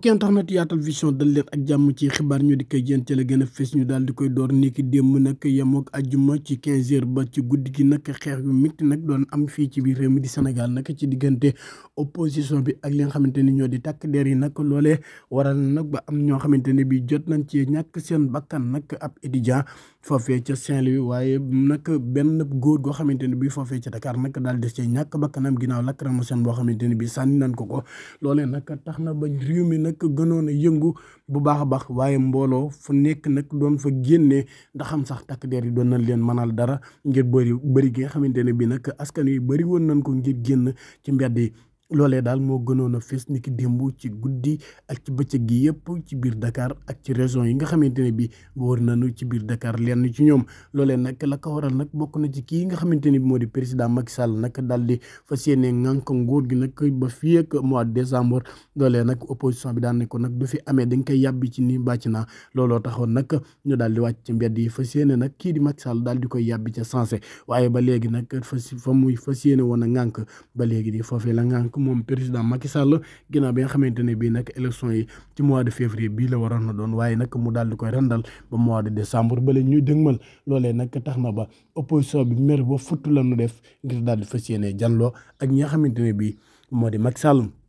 mbokk internet yaatal vision dal leen ak jàmm ci xibaar ñu di koy jën ci la gën a fës ñu daal di koy door niki démb nag yemook ajjuma ci 15 ba ci guddi gi nag xeex yu métti nag doon am fii ci biir réew mi di Sénégal nag ci diggante opposition bi ak li nga xamante ni ñoo di takk der yi nag loole waral na nag ba am ñoo xamante ne bi jot nañ ci ñàkk seen bakkan nag ab étudiant foofee ca Saint-Louis waaye nag benn góor goo xamante ne bi foofee ca Dakar nag daal des ci ñàkk bakkanam ginnaaw lakk ramaseen boo xamante ne bi sànni nañ ko ko nag gënoon a yëngu bu baax a baax waaye mbooloo fu nekk nag doon fa génnee ndax xam sax takk der yi doon nañ leen mënal dara ngir bëri bëri gi nga xamante ne bii nag askan wi bëri woon nañ ko ngir génn ci mbeddi loolee daal moo gënoon a fës ni ki démb ci guddi ak ci bëccëg gi yëpp ci biir dakaar ak ci région yi nga xamante ne bi wër nañu ci biir Dakar lenn ci ñoom loole nag la ko waral nag bokk na ci kii nga xamante ne bi moo di président Macky Sall nag daal di fas yéene ngànk nguur gi nag ba fii ak mois de décembre loolee nag opposition bi daan ne ko nag du fi amee dañ koy yàbbi ci ni bàcc naa looloo taxoon nag ñu daal di wàcc ci mbedd yi fas yéene nag kii di Macky Sall daal di koy yàbbi ca sensé waaye ba léegi nag fas fa muy fas yéene woon a ngànk ba léegi di foofee la ngànk moom président Macky Sall ginnaaw bi nga xamante ne bii nag élection yi ci mois de février bii la waroon na doon waaye nag mu daal di koy rendal ba mois de décembre ba la ñuy dëgmal loolee nag tax na ba opposition bi mer ba futt la ñu def ngir daal di fas yéene janloo ak ñi nga xamante ne bii moo di Macky Sall